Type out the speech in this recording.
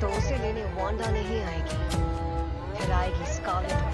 तो उसे लेने वांडा नहीं आएगी फिर आएगी स्कॉलेट